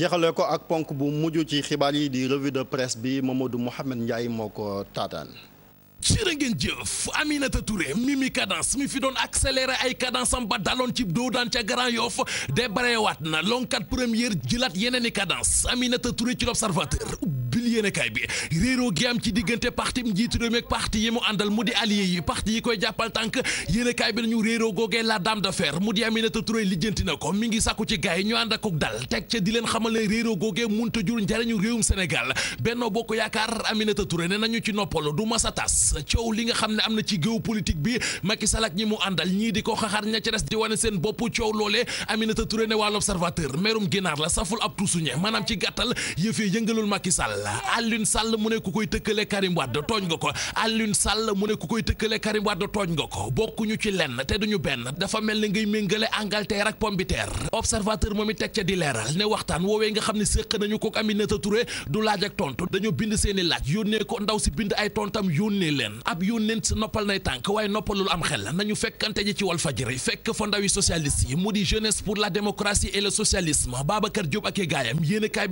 jeexale ko ak ponk bu mujj ci xibaar yi di revue de presse bi Mamadou Mouhamed Ndiaye moo ko taataan. jërë ngeen jëf Aminata Touré Mimi cadence mi fi doon accéléré ay cadence am ba daloon ci doo daan ca Grand Yoff débrayewaat na lonkat première jëlaat yeneen i cadence Aminata Touré ci l'observateur ubbil yéenekaay bi réeroo gi am ci diggante parti njiitu réew mi ak parti yi mu àndal mu di allié yi parti yi koy jàppal tànk yéenekaay bi nañu réeroo googee la dame de fer mu di Aminata Touré lijjanti na ko mi ngi sàkku ci gaay ñu ànd akuk dal teg ca leen xamal ne réeroo googee munta jur njariñu réewum Sénégal Benno Bokk Yaakaar Aminata Touré ne nañu ci noppalu du masa tas coow li nga xam ne am na ci géopolitique bi Macky Sall ak ñi mu àndal ñii di ko xaxar ña ca des di wane seen bopp coow loolee Aminata Touré ne waa l'Observateur merum ginaar la saful ab tusuñe maanaam ci gàttal yëfee yëngalul Macky Sall Alioune Sall mu ne ku koy tëkkale Karim Wade tooñ nga ko Alioune Sall mu ne ku koy tëkkale Karim Wade tooñ nga ko bokkuñu ci lenn te duñu benn dafa mel ni ngay méngale Angleterre ak pomme de terre observateur moom it teg ca di leeral ne waxtaan woowee nga xam ne séq nañu ko Aminata Touré du laaj ak tontu dañoo bind seeni laaj yónnee ko ndaw si bind ay tontam yónnee leen ab yónneen si noppal nay tànk waaye noppalul am xel nañu fekkante ji ci Walfadjri fekk fa ndawi socialiste yi mu di jeunesse la démocratie et le socialisme Babacar Diop i gaayam yéene kaay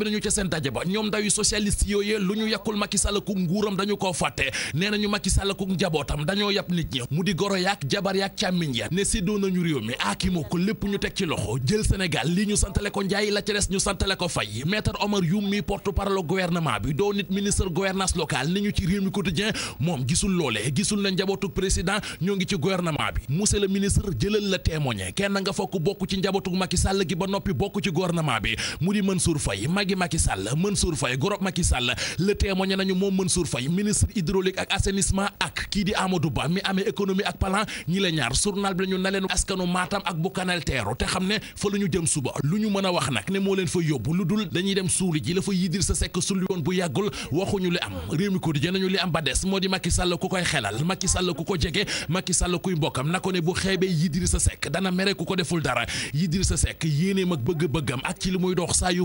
si yooyee lu ñu yàqul Macky Sall ku nguuram dañu koo fàtte nee nañu ci Sall ku njabootam dañoo yàpp nit ñi mu di goro yaak jabar yaak càmmiñ ya ne séddoo nañu réew mi aakimoo ko lépp ñu teg ci loxo jël Sénégal li ñu santale ko Njaay la ca ñu santale ko Faye maître Omar Youm mi porte-parole gouvernement bi doo nit ministre gouvernance locale ni ñu ci réew mi quotidien moom gisul loole gisul na njabootuk président ñoo ngi ci gouvernement bi monsieur le ministre jëlal la kenn nga fokk bokk ci njabootuk Macky Sall gi ba noppi bokk ci gouvernement bi mu di Mansour Faye magi Macky Sall Mansour Faye gorop Macky Sall le témoigné nañu moom Mansour Faye ministre hydraulique ak assainissement ak kii di Amadou Ba mi amee économie ak plan ñi la ñaar journal bi la ñu na leen askanu Matam ak bu Kanel teeru te xam ne fa la ñu jëm suba lu ñu mën a wax nag ne moo leen fa yóbbu lu dul dañuy dem suuli ji la fa yidir sa sekk sulli bu yàggul waxuñu li am réew mi quotidien nañu li am ba des moo di Macky Sall ku koy xelal Macky Sall ku ko jege Macky Sall kuy mbokkam na ko ne bu xeebee Idrissa Seck dana mere ku ko deful dara Idrissa Seck yéeneem ak bëgg-bëggam ak ci li muy dox saa yu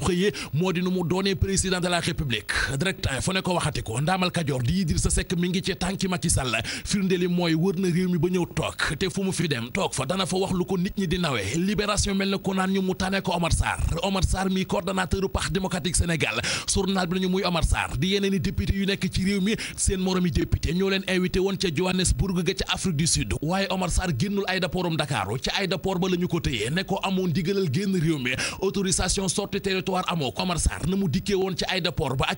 moo di nu mu doonee direct info ne waxati ko ndaamal kajoor di Idrissa Seck mi ngi ci tànki Macky Sall firnde mooy wër na réew mi ba ñëw toog te fu mu fi dem toog fa dana fa wax lu ko nit ñi di nawee libération mel na ko ñu mu tane ko Omar Sarr Omar Sarr mi coordonnateur Parti démocratique Sénégal journal bi nañu muy Omar Sarr di yeneen i député yu nekk ci réew mi seen moromi député ñoo leen invité woon ca Johannesburg ga ca Afrique du Sud waaye Omar Sarr génnul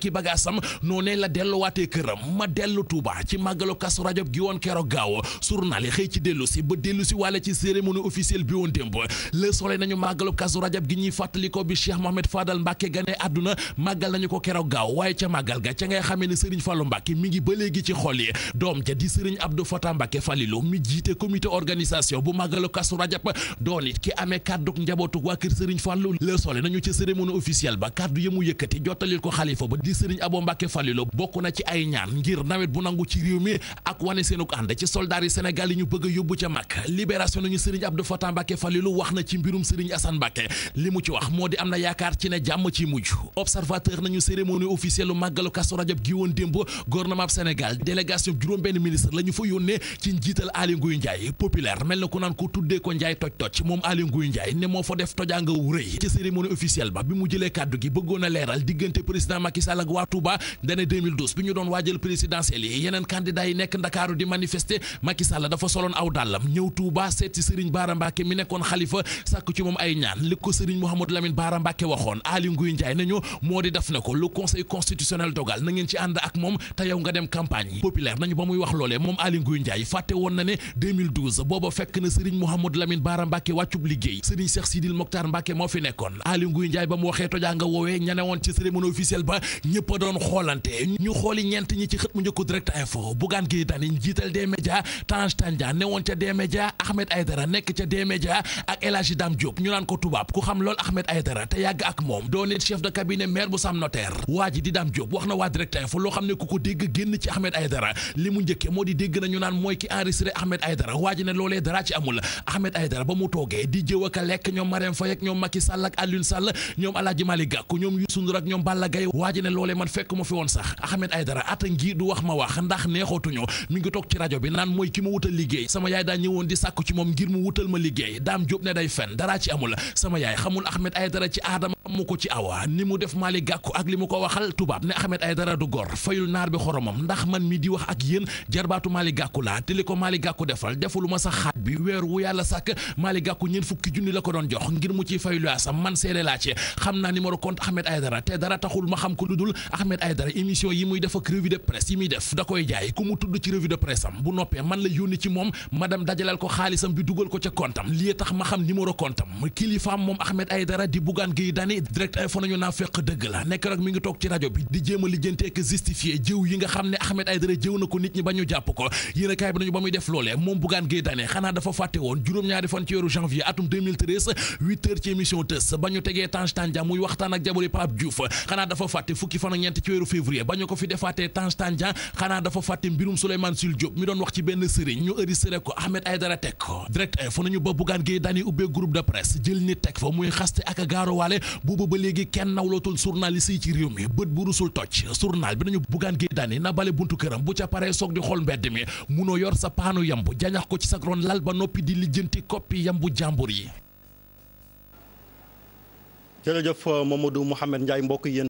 ki bagaasam noonee la delluwaatee këram ma dellu Touba ci màggalu Kazu Rajab gi woon keroog gaaw journal yi xëy ci dellu si ba dellu si wàlle ci cérémonie officielle bi woon démb Le Soleil nañu màggalu Kazu Rajab gi ñuy fàttaliko bi Cheikh Mohamed Fadal Mbàkke gane àdduna màggal nañu ko keroog gaaw waaye ca màggal ga ca ngay xamee ne Serigne Fallou Mbàkke mi ngi ba léegi ci xol yi doom ja di Serigne Abdou Fatah Mbàkke Falilou mi jiite comité organisation bu màggalu Kazu Rajab doon it ki amee kàdduk njabootuk waa kër Serigne Fallou Le Soleil nañu ci cérémonie officielle ba kàddu yëmu yëkkati jottalil ko xalifa ba di Serigne Abo Mbacke Fallilou bokk na ci ay ñaan ngir nawet bu nangu ci réew mi ak wane seenuk ànd ci soldaar yi Sénégal yi ñu bëgg a yóbbu ca mag libération nañu Serigne Abdou Fatah Mbacke Fallilou wax na ci mbirum Serigne Assane Mbacke li mu ci wax moo di am na yaakaar ci ne jàmm ci mujj observateur nañu cérémonie officielle lu màggalu Kazu Rajab gi woon démb gouvernement Sénégal délégation juróom benn ministre la ñu fa yónnee ci njiital Aly Ngouille Ndiaye populaire mel na ku naan ko tuddee ko Ndiaye toj toj moom Aly Ngouille Ndiaye ne moo fa def tojaanga wu rëy ci bi mu jëlee kàddu gi bëggoon a leeral diggante président Macky Sall waa Touba dane 2012 bi ñu doon waajal présidentielle yi yeneen candidat yi nekk Ndakaaru di manifester Macky Sall dafa soloon aw dàllam ñëw Touba seet si Serigne Bara Mbacké mi nekkoon xalifa sàkk ci ba mu waxee tojaa nga woowee ñane woon ci cérémonie ba ñëpp a doon xoolante ñu xooli ñeent ñi ci xët mu njëkku direct info Bougane Gueye Dany njiital des médias Tange Tandian newoon ca des médias Ahmed Aydara nekk ca des ak El Hadji Dame ñu naan ko tubaab ku xam lool Ahmed Aydara te yàgg ak moom doon it chef de cabinet maire bu Sam Notaire waa di Dame Diop wax na waa direct info loo xam ne ku ko dégg génn ci Ahmed Aydara li mu njëkke moo di dégg na ñu naan mooy ki enregistré Ahmed Aydara waa ji ne loolee dara di jëw ak a lekk ñoom Marème Faye ak ñoom Macky Sall ak Alioune Sall ñoom Alaaji Malick Gakou loole man fekk mu fi woon sax Ahmed Aidara ata ngi du wax ma wax ndax neexootuñu mi ngi toog ci rajo bi naan mooy ki ma wutal liggéey sama yaay daa ñëwoon di sàkku ci moom ngir mu wutal ma liggéey daam Jóob ne day fen dara ci amul sama yaay xamul ay dara ci aadama amu ko ci awa ni mu def Malick Gakou ak li mu ko waxal tubaab ne Ahmed Aïdara du gor fayul naar bi xoromam ndax man mi di wax ak yéen jarbaatu Malick Gakou laa te li ko Malick Gakou defal defalu sax xaaj bi weer wu yàlla sàkk Malick Gakou ñeen fukki junni la ko doon jox ngir mu ciy fay luwaasam man seede ci xam naa numéro compte Ahmed Aïdara te dara taxul ma xam ko lu dul Ahmed Aïdara émission yi muy def ak revue de presse yi muy def da koy jaay la yónni ci moom madame dajalal ko xaalisam bi dugal ko ca compte am lii tax ma xam numéro compte am kilifaam moom Ahmed Aïdara di Bougane Gueye yi direct info nañu naa fekk dëgg la nekk rek mi ngi toog ci rajo bi di jéem a ak justifier jëw yi nga xam ne Ahmed Aïdara jëw na ko nit ñi ba ñu jàpp ko yéen a kaay bi nañu ba muy def loolee moom Bougane Gueye Dany xanaa dafa fàtte woon juróom-ñaari fan ci weeru janvier atum 2013 8 heures ci émission tës ba ñu tegee Tange Tandian muy waxtaan ak jabori Pape Diouf xanaa dafa fàtte fukki fan ak ñeent ci weeru février ba ñu ko fi defaatee Tange Tandian xanaa booba ba léegi kenn nawlootul journaliste yi ci réew mi bët bu rusul toj journal bi nañu buggaan géey daani na bale buntu këram bu ca paree soog di xool mbedd mi munoo yor sa paanu yamb jañax ko ci sag ron lal ba noppi di lijjanti koppi yambu jàmbur yi jërëjëf Mamadou Mouhamed Ndiaye mbokk yéen